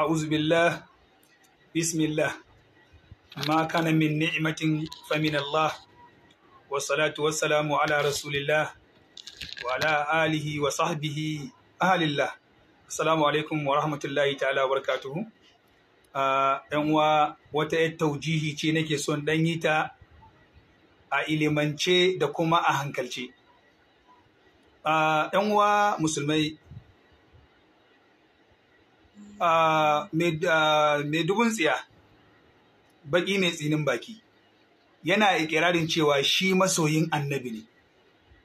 أعوذ بالله بسم الله ما كان من نعمة فمن الله والصلاة والسلام على رسول الله وعلى آله وصحبه أهل الله السلام عليكم ورحمة الله تعالى وبركاته yan uwa wata yar taujihi ce nake son dan yi ta a ilimance da kuma a hankalce. yan uwa musulmai mai dubun tsiya baki mai tsinin baki yana ikirarin cewa shi masoyin annabi ne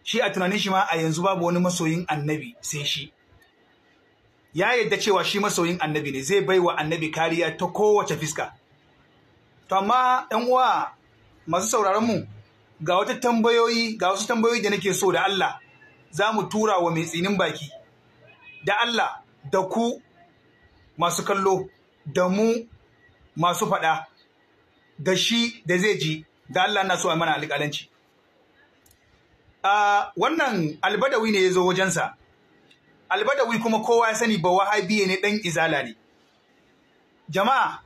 shi a tunanin shi ma a yanzu babu wani masoyin annabi sai shi ya yadda cewa shi masoyin annabi ne zai bai wa annabi kariya ta kowace fiska to amma ɗan uwa masu sauraron mu ga wata tambayoyi ga wasu tambayoyi da nake so da Allah za mu tura wa mai tsinin baki da Allah da ku masu kallo da mu masu faɗa da shi da zai ji da Allah na so a mana alƙalanci a wannan albadawi ne ya zo wajensa albadawi kuma kowa ya sani ba wahabiye ne ɗan izala ne jama'a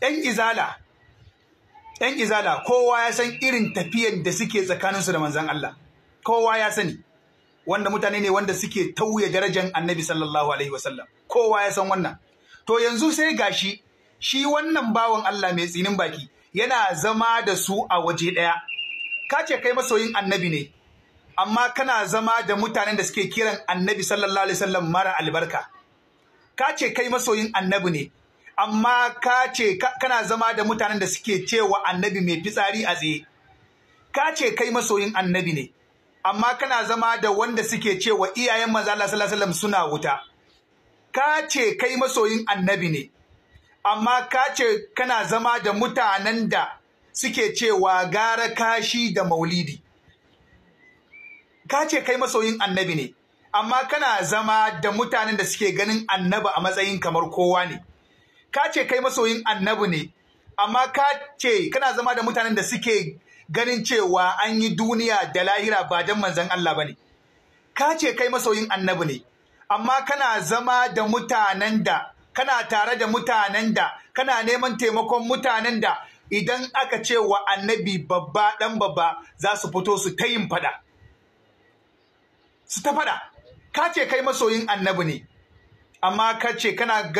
ɗan izala ɗan izala kowa ya san irin tafiyar da suke tsakaninsu da manzan Allah kowa ya sani wanda mutane ne wanda suke tauye darajar annabi sallallahu alaihi wasallam kowa ya san wannan to yanzu sai gashi shi wannan bawan Allah mai tsinin baki yana zama da su a waje ɗaya ka ce kai masoyin annabi ne amma kana zama da mutanen da suke kiran annabi sallallahu alaihi wasallam mara albarka ka ce kai masoyin annabi ne amma ka ce kana zama da mutanen da suke cewa annabi mai fitsari a tsaye ka ce kai masoyin annabi ne amma kana zama da wanda suke cewa iyayen maza Allah sallallahu alaihi wasallam suna wuta ka ce kai masoyin annabi ne amma ka ce kana zama da mutanen da suke cewa gara kashi da maulidi ka ce kai masoyin annabi ne amma kana zama da mutanen da suke ganin annaba a matsayin kamar kowa ne ka ce kai masoyin annabi ne amma ka ce kana zama da mutanen da suke ganin cewa an yi duniya da lahira ba don manzan Allah ba ne ka ce kai masoyin annabi ne amma kana zama da mutanen da kana tare da mutanen da kana neman taimakon mutanen da idan aka ce wa annabi babba dan babba za su fito su ta yin fada su ta fada ka ce kai masoyin annabi ne amma ka ce kana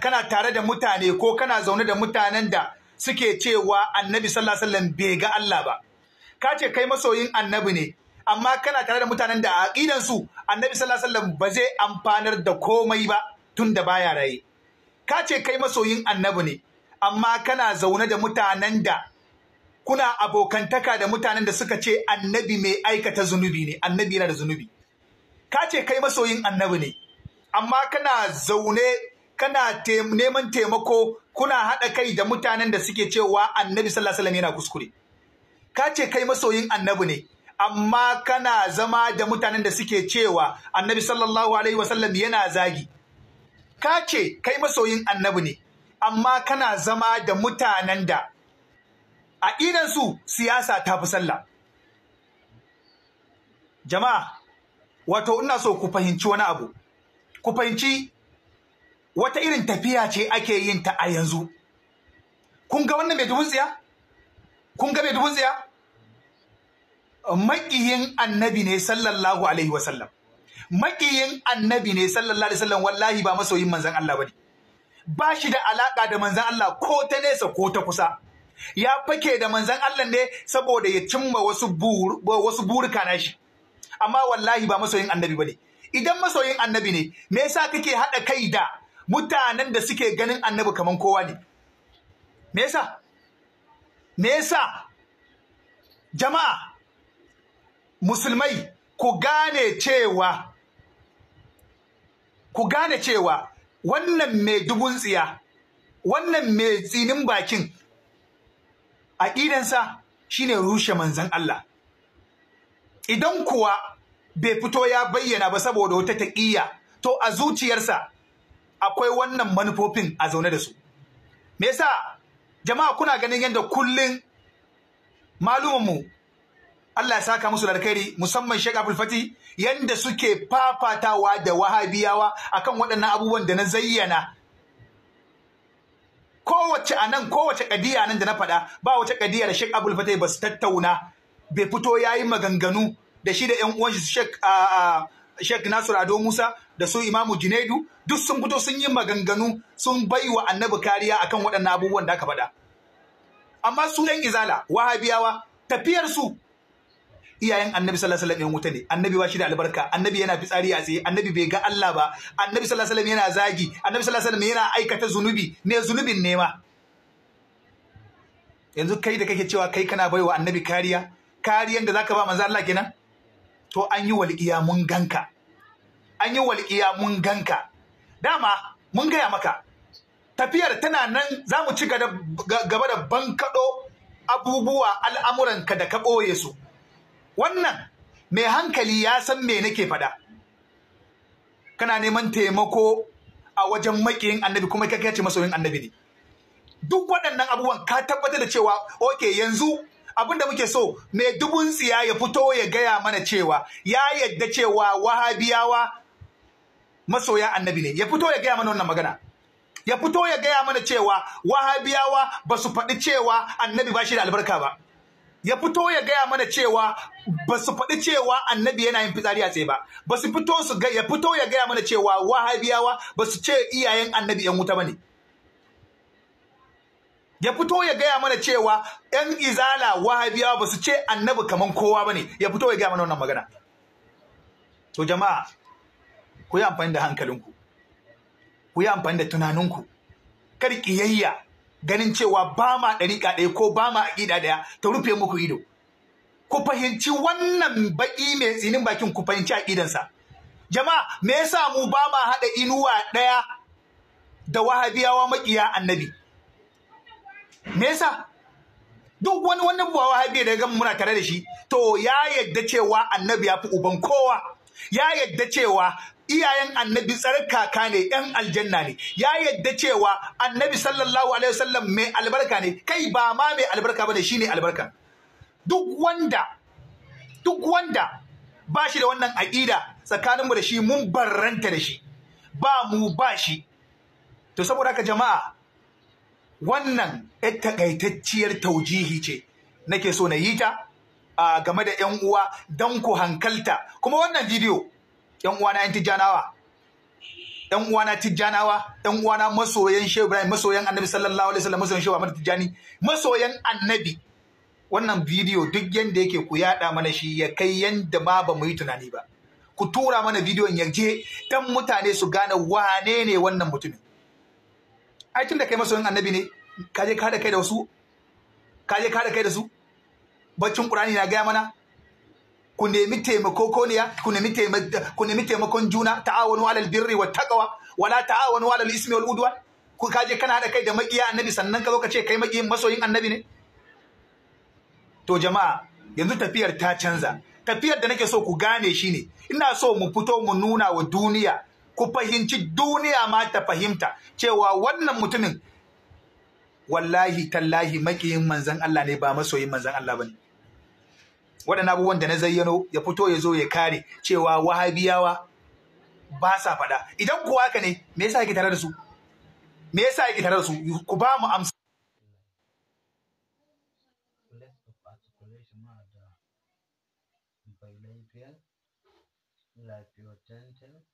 kana tare da mutane ko kana zaune da mutanen da suke cewa annabi sallallahu alaihi wasallam bai ga Allah ba ka ce kai masoyin annabi ne amma kana tare da mutanen da a aqidan su annabi sallallahu alaihi wasallam ba zai amfanar da komai ba tun da baya raye ka ce kai masoyin annabi ne amma kana zaune da mutanen da kuna abokantaka da mutanen da suka ce annabi mai aikata zunubi ne annabi yana da zunubi ka ce kai masoyin annabi ne amma kana zaune kana neman taimako kuna haɗa kai da mutanen da suke cewa annabi sallallahu alaihi wasallam yana kuskure ka ce kai masoyin annabi ne amma kana zama da mutanen da suke cewa annabi sallallahu alaihi wasallam yana zagi ka ce kai masoyin annabi ne amma kana zama da mutanen da a idansu siyasa ta fi sallah jama'a wato ina so ku fahimci wani abu ku fahimci wata irin tafiya ce ake yin ta a yanzu kun ga wannan mai dubun tsiya kun ga mai dubun tsiya maƙiyin annabi ne sallallahu alaihi wasallam maƙiyin annabi ne sallallahu alaihi wasallam wallahi ba masoyin manzan Allah bane ba shi da alaka da manzan Allah ko ta nesa ko ta kusa ya fake da manzan Allah ne saboda ya cimma wasu wasu burika na shi amma wallahi ba masoyin annabi bane idan masoyin annabi ne me yasa kake haɗa kai da mutanen da suke ganin annabi kaman kowa ne me yasa me yasa jama'a musulmai ku gane cewa ku gane cewa wannan mai dubun tsiya wannan mai tsinin bakin a shi shine rushe manzan Allah idan kuwa bai fito ya bayyana ba saboda wata taƙiyya to a zuciyarsa akwai wannan manufofin a zaune da su me yasa jama'a kuna ganin yadda kullun malumanmu Allah ya saka musu alkhairi musamman Sheikh Abdul Fati yanda suke fafatawa da wahabiyawa akan waɗannan abubuwan da na zayyana kowace anan kowace kadiya nan da na faɗa ba wace kadiya da Sheikh Abdul Fati ba su tattauna bai fito yayi maganganu da shi da ƴan uwan shi Sheikh Sheikh Nasir Ado Musa da su Imamu Junaidu duk sun fito sun yi maganganu sun baiwa wa Annabi kariya akan waɗannan abubuwan da aka faɗa. Amma su ɗan izala, wahabiyawa, tafiyarsu iyayen annabi sallallahu alaihi wasallam wuta ne annabi ba shi da albarka annabi yana fitsari a tsaye annabi bai ga Allah ba annabi sallallahu alaihi wasallam yana zagi annabi sallallahu alaihi wasallam yana aikata zunubi ne zunubin ne ma yanzu kai da kake cewa kai kana baiwa annabi kariya kariyan da zaka ba manzo Allah kenan to an yi walƙiya mun ganka an yi walƙiya mun ganka dama mun gaya maka tafiyar tana nan za mu ci gaba da bankaɗo abubuwa al'amuran ka da ka ɓoye su wannan mai hankali ya san me nake faɗa kana neman taimako a wajen makiyin annabi kuma kai ce masoyin annabi ne duk waɗannan abubuwan ka tabbatar da cewa ok yanzu abin da muke so mai dubun tsiya ya fito ya gaya mana cewa ya yadda cewa wahabiyawa masoya annabi ne ya fito ya gaya mana wannan magana ya fito ya gaya mana cewa wahabiyawa ba su faɗi cewa annabi ba shi da albarka ba ya fito ya gaya mana cewa ba su faɗi cewa annabi yana yin fitsari a tsaye ba ba su fito su ga ya fito ya gaya mana cewa wahabiyawa ba su ce iyayen annabi yan wuta bane ya fito ya gaya mana cewa yan izala wahabiyawa ba su ce annabi kaman kowa bane ya fito ya gaya mana wannan magana to jama'a ku yi amfani da hankalinku ku yi amfani da tunaninku kar kiyayya ganin cewa ba ma ɗariƙa ɗaya ko ba ma aƙida ɗaya ta rufe muku ido ku fahimci wannan baƙi mai tsinin bakin ku fahimci aƙidansa jama'a me yasa mu ba ma haɗa inuwa ɗaya da wahabiyawa maƙiya annabi me yasa duk wani wani buwa wahabiya da gama muna tare da shi to ya yadda cewa annabi ya fi uban kowa ya yadda cewa iyayen annabi tsarkaka ne yan aljanna ne ya yadda cewa annabi sallallahu alaihi wasallam mai albarka ne kai ba ma mai albarka bane shine albarka duk wanda duk wanda ba shi da wannan aƙida tsakaninmu da shi mun barranta da shi ba mu ba shi to saboda haka jama'a wannan ƴar takaitacciyar taujihi ce nake so na yi ta game da 'yan uwa don ku hankalta kuma wannan bidiyo yan uwana yan tijjanawa yan uwana tijjanawa yan uwana masoyan shehu ibrahim masoyan annabi sallallahu alaihi wasallam masoyan shehu ahmad tijjani masoyan annabi wannan bidiyo duk yanda yake ku yada mana shi ya kai yanda ma ba mu yi tunani ba ku tura mana bidiyon ya je dan mutane su gane wane ne wannan mutumin ai tunda kai masoyan annabi ne ka je ka da kai da wasu ka je ka da kai da su baccin qur'ani na gaya mana ku nemi taimako ya ku nemi ku nemi taimakon juna ta'awanu alal birri wat taqwa wala ta'awanu alal ismi wal udwan ku kaje kana da kai da makiya annabi sannan ka zo ka ce kai makiyin masoyin annabi ne to jama'a yanzu tafiyar ta canza tafiyar da nake so ku gane shi ne ina so mu fito mu nuna wa duniya ku fahimci duniya ma ta fahimta cewa wannan mutumin wallahi tallahi makiyin manzan Allah ne ba masoyin manzan Allah bane waɗannan abubuwan da na zayyano ya fito ya zo ya kare cewa wahabiyawa ba sa faɗa idan kuwa haka ne me yasa yake tare da su me yasa yake tare da su ku ba mu amsa like your gentle